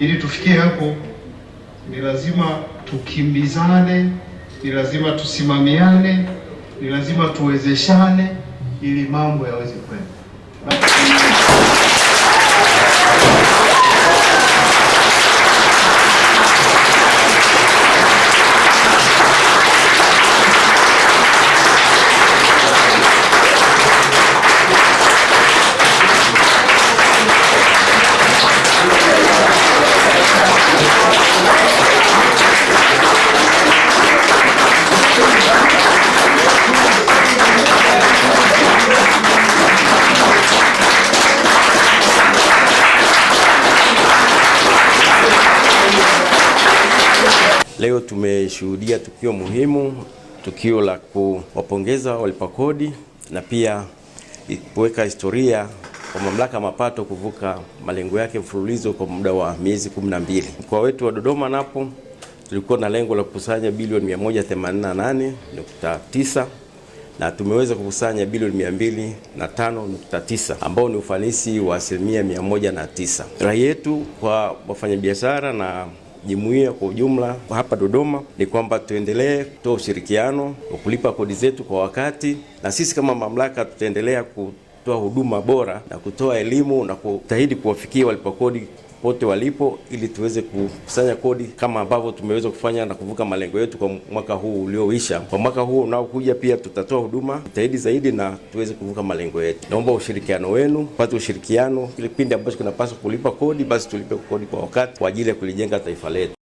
Ili tufikie hapo, ni lazima tukimbizane, ni lazima tusimamiane, ni lazima tuwezeshane, ili mambo yaweze kwenda. Leo tumeshuhudia tukio muhimu, tukio la kuwapongeza walipakodi na pia kuweka historia kwa mamlaka ya mapato kuvuka malengo yake mfululizo kwa muda wa miezi 12. Mkoa wetu wa Dodoma napo tulikuwa na lengo la kukusanya bilioni 188.9 na tumeweza kukusanya bilioni 205.9 ambao ni ufanisi wa asilimia 109. Rai yetu kwa wafanyabiashara na jumuiya kwa ujumla hapa Dodoma ni kwamba tuendelee kutoa ushirikiano wa kulipa kodi zetu kwa wakati, na sisi kama mamlaka tutaendelea kutoa huduma bora na kutoa elimu na kujitahidi kuwafikia walipa kodi pote walipo ili tuweze kukusanya kodi kama ambavyo tumeweza kufanya na kuvuka malengo yetu kwa mwaka huu ulioisha. Kwa mwaka huu unaokuja pia tutatoa huduma zaidi zaidi na tuweze kuvuka malengo yetu. Naomba ushirikiano wenu, pate ushirikiano. Kile kipindi ambacho kinapaswa kulipa kodi, basi tulipe kodi kwa wakati kwa ajili ya kulijenga taifa letu.